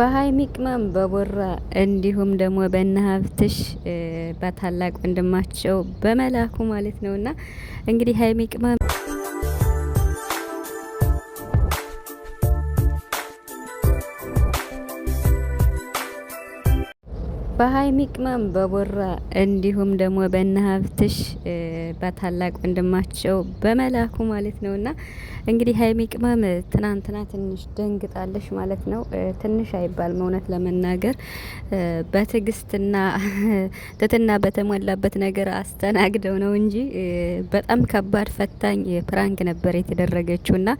በሀይሚ ቅመም በቦራ እንዲሁም ደግሞ በነ ሀብትሽ በታላቅ ወንድማቸው በመላኩ ማለት እና እንግዲህ ሀይሚ ቅመም በሀይሚ ቅመም በቦራ እንዲሁም ደግሞ በነ ሀብትሽ በታላቅ ወንድማቸው በመላኩ ማለት ነው። እና እንግዲህ ሀይሚ ቅመም ትናንትና ትንሽ ደንግጣለሽ ማለት ነው። ትንሽ አይባልም እውነት ለመናገር በትዕግስትና ትትና በተሞላበት ነገር አስተናግደው ነው እንጂ በጣም ከባድ ፈታኝ ፕራንክ ነበር የተደረገችው። እና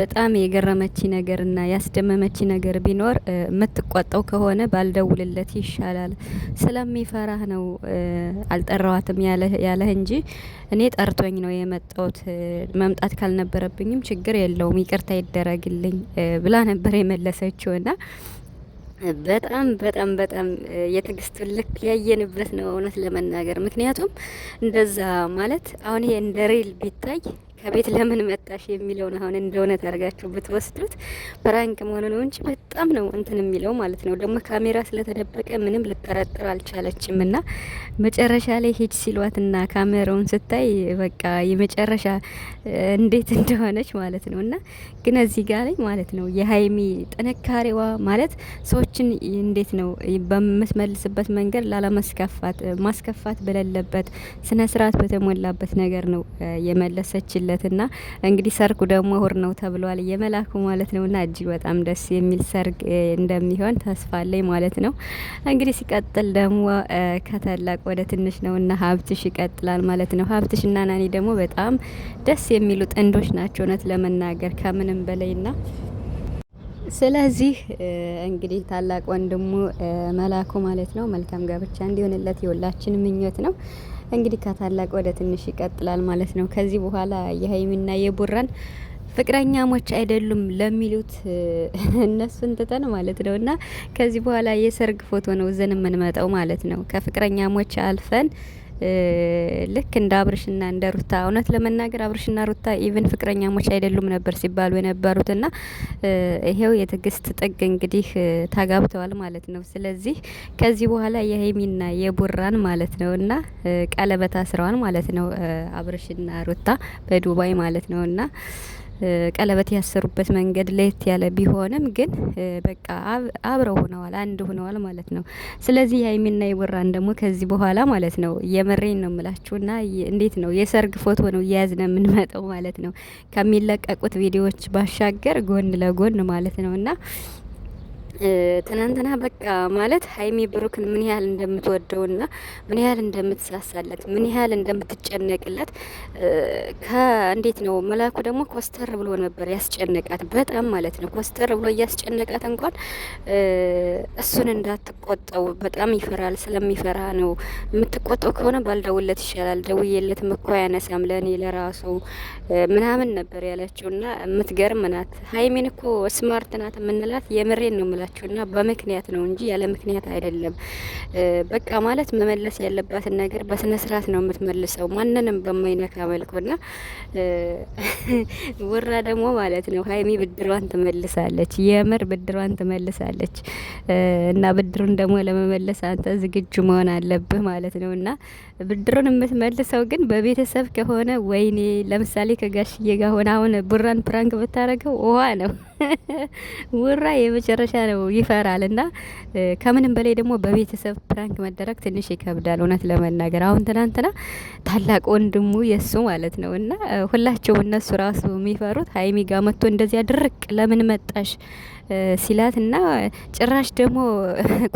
በጣም የገረመች ነገርና ያስደመመች ነገር ቢኖር የምትቆጣው ከሆነ ባልደውልለት ይሻላል ስለሚፈራህ ነው አልጠራዋትም ያለህ እንጂ እኔ ጠርቶኝ ነው የመጣሁት። መምጣት ካልነበረብኝም ችግር የለውም ይቅርታ ይደረግልኝ ብላ ነበር የመለሰችውና በጣም በጣም በጣም የትዕግስቱን ልክ ያየንበት ነው እውነት ለመናገር ምክንያቱም እንደዛ ማለት አሁን ይሄ እንደ ሪል ቢታይ ከቤት ለምን መጣሽ የሚለውን አሁን እንደሆነ ታርጋችሁ ብትወስዱት ፕራንክ መሆኑ ነው እንጂ በጣም ነው እንትን የሚለው ማለት ነው። ደግሞ ካሜራ ስለተደበቀ ምንም ልጠረጥር አልቻለችም። እና መጨረሻ ላይ ሂጅ ሲሏትና ካሜራውን ስታይ በቃ የመጨረሻ እንዴት እንደሆነች ማለት ነው። እና ግን እዚህ ጋር ላይ ማለት ነው የሀይሚ ጥንካሬዋ ማለት ሰዎችን እንዴት ነው በምትመልስበት መንገድ ላለማስከፋት ማስከፋት በሌለበት ስነስርዓት በተሞላበት ነገር ነው የመለሰችለት። ና እንግዲህ ሰርጉ ደግሞ እሁድ ነው ተብሏል የመላኩ ማለት ነው ና እጅግ በጣም ደስ የሚል ሰርግ እንደሚሆን ተስፋለኝ ማለት ነው። እንግዲህ ሲቀጥል ደግሞ ከተላቅ ወደ ትንሽ ነው ና ሀብትሽ ይቀጥላል ማለት ነው። ሀብትሽ ና ናኒ ደግሞ በጣም ደስ የሚሉ ጥንዶች ናቸው እውነት ለመናገር ከምንም በላይ ና ስለዚህ እንግዲህ ታላቅ ወንድሙ መላኩ ማለት ነው መልካም ጋብቻ እንዲሆንለት የሁላችን ምኞት ነው። እንግዲህ ከታላቅ ወደ ትንሽ ይቀጥላል ማለት ነው። ከዚህ በኋላ የሀይሚና የቡራን ፍቅረኛሞች አይደሉም ለሚሉት እነሱን ትተን ማለት ነው እና ከዚህ በኋላ የሰርግ ፎቶ ነው ዘን የምንመጣው ማለት ነው ከፍቅረኛሞች አልፈን ልክ እንደ አብርሽና እንደ ሩታ እውነት ለመናገር አብርሽና ሩታ ኢቭን ፍቅረኛሞች አይደሉም ነበር ሲባሉ የነበሩትና ይሄው የትዕግስት ጥግ እንግዲህ ታጋብተዋል ማለት ነው። ስለዚህ ከዚህ በኋላ የሀይሚና የቡራን ማለት ነው እና ቀለበት አስረዋል ማለት ነው አብርሽና ሩታ በዱባይ ማለት ነው እና ቀለበት ያሰሩበት መንገድ ለየት ያለ ቢሆንም ግን በቃ አብረው ሆነዋል፣ አንድ ሆነዋል ማለት ነው። ስለዚህ ሀይሚና ይወራን ደግሞ ከዚህ በኋላ ማለት ነው የመሬን ነው የምላችሁና እንዴት ነው የሰርግ ፎቶ ነው እየያዝነ የምንመጠው ማለት ነው ከሚለቀቁት ቪዲዮዎች ባሻገር ጎን ለጎን ማለት ነውና ትናንትና በቃ ማለት ሀይሚ ብሩክን ምን ያህል እንደምትወደውና ምን ያህል እንደምትሳሳለት ምን ያህል እንደምትጨነቅለት እንዴት ነው መላኩ ደግሞ ኮስተር ብሎ ነበር ያስጨነቃት፣ በጣም ማለት ነው። ኮስተር ብሎ እያስጨነቃት እንኳን እሱን እንዳትቆጠው በጣም ይፈራል። ስለሚፈራ ነው የምትቆጠው ከሆነ ባልደውለት ይሻላል፣ ደውዬለት እኮ አያነሳም ለእኔ ለራሱ ምናምን ነበር ያለችውና የምትገርም ናት። ሀይሚን እኮ ስማርት ናት የምንላት የምሬን ነው። ታውቃላችሁ። እና በምክንያት ነው እንጂ ያለ ምክንያት አይደለም። በቃ ማለት መመለስ ያለባትን ነገር በስነ ስርዓት ነው የምትመልሰው ማንንም በማይነካ መልኩና ውራ ደግሞ ማለት ነው ሀይሚ ብድሯን ትመልሳለች። የምር ብድሯን ትመልሳለች። እና ብድሩን ደግሞ ለመመለስ አንተ ዝግጁ መሆን አለብህ ማለት ነው እና ብድሩን የምትመልሰው ግን በቤተሰብ ከሆነ ወይኔ ለምሳሌ ከጋሽዬ ጋር ሆነ አሁን ቡራን ፕራንክ ብታረገው ውሃ ነው ውራ የመጨረሻ ነው ይፈራል። እና ከምንም በላይ ደግሞ በቤተሰብ ፕራንክ መደረግ ትንሽ ይከብዳል፣ እውነት ለመናገር አሁን ትናንትና ታላቅ ወንድሙ የሱ ማለት ነው እና ሁላቸው እነሱ ራሱ የሚፈሩት ሀይሚ ጋ መጥቶ እንደዚያ ድርቅ ለምን መጣሽ ሲላት እና ጭራሽ ደግሞ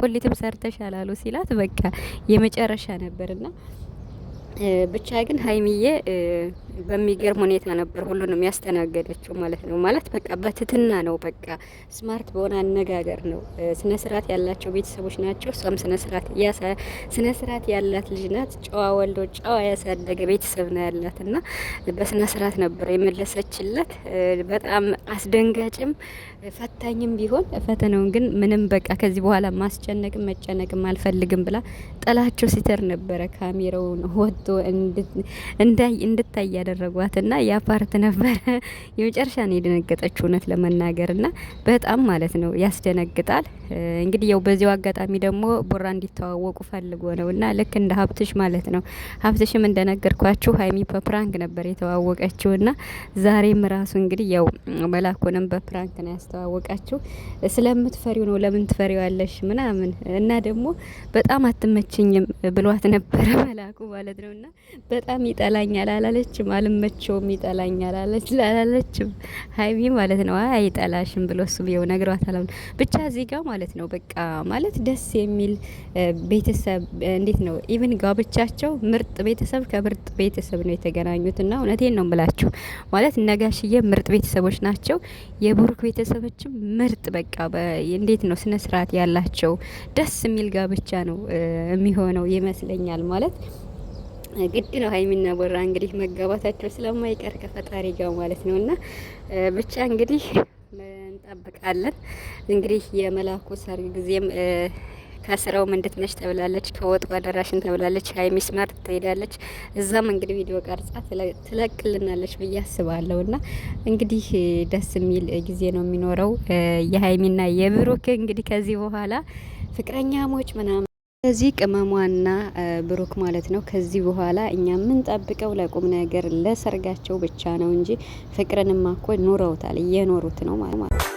ቁሊትም ሰርተሻል አሉ ሲላት በቃ የመጨረሻ እና ብቻ ግን ሀይሚዬ በሚገርም ሁኔታ ነበር ሁሉንም ያስተናገደችው ማለት ነው። ማለት በቃ በትትና ነው፣ በቃ ስማርት በሆነ አነጋገር ነው። ስነ ስርዓት ያላቸው ቤተሰቦች ናቸው። እሷም ስነ ስርዓት ስነ ስርዓት ያላት ልጅ ናት። ጨዋ ወልዶ ጨዋ ያሳደገ ቤተሰብ ነው ያላት እና በስነ ስርዓት ነበር የመለሰችለት። በጣም አስደንጋጭም ፈታኝም ቢሆን ፈተናውን ግን ምንም በቃ ከዚህ በኋላ ማስጨነቅም መጨነቅም አልፈልግም ብላ ጥላቸው ሲተር ነበረ ካሜራውን ወጥቶ እንድታይ ያደረጓትና ያ ፓርት ነበረ የመጨረሻ ነው የደነገጠችው እውነት ለመናገርና በጣም ማለት ነው ያስደነግጣል። እንግዲህ ያው በዚው አጋጣሚ ደግሞ ቦራ እንዲተዋወቁ ፈልጎ ነውና ልክ እንደ ሀብትሽ ማለት ነው ሀብትሽም እንደነገርኳችሁ ሀይሚ በፕራንክ ነበር የተዋወቀችውና ዛሬም ራሱ እንግዲህ ያው መላኩንም በፕራንክ ነው ያስተዋወቃችሁ። ስለምትፈሪው ነው ለምን ትፈሪዋለሽ ምናምን እና ደግሞ በጣም አትመችኝም ብሏት ነበረ መላኩ ማለት እና በጣም ይጠላኛል አላለችም አልመቸውም ይጠላኛል አለች ላለችም ሀይሚ ማለት ነው። አይ አይጠላሽም ብሎ እሱ ብየው ነግሯታል። ብቻ እዚህ ጋር ማለት ነው በቃ ማለት ደስ የሚል ቤተሰብ እንዴት ነው ኢቭን ጋብቻቸው ምርጥ ቤተሰብ ከምርጥ ቤተሰብ ነው የተገናኙት እና እውነቴን ነው ምላችሁ ማለት ነጋሽዬ ምርጥ ቤተሰቦች ናቸው። የብሩክ ቤተሰቦችም ምርጥ በቃ እንዴት ነው ስነ ስርዓት ያላቸው ደስ የሚል ጋብቻ ነው የሚሆነው ይመስለኛል ማለት ግድ ነው ሀይሚና ቦራ እንግዲህ መጋባታቸው ስለማይቀር ከፈጣሪ ጋር ማለት እና ብቻ እንግዲህ እንጠብቃለን። እንግዲህ የመላኩ ሰርግ ጊዜም ከስራው እንድትመሽ ተብላለች፣ ከወጡ አዳራሽን ተብላለች። ሀይሚ ትሄዳለች። እዛም እንግዲህ ቪዲዮ ቀርጻ ትለቅልናለች ብዬ አስባለሁ። እና እንግዲህ ደስ የሚል ጊዜ ነው የሚኖረው የሀይሚና የብሩክ እንግዲህ ከዚህ በኋላ ፍቅረኛሞች ምናምን ስለዚህ ቅመሟና ብሩክ ማለት ነው። ከዚህ በኋላ እኛ የምንጠብቀው ለቁም ነገር ለሰርጋቸው ብቻ ነው እንጂ ፍቅርንማ እኮ ኑረውታል፣ እየኖሩት ነው ማለት ነው።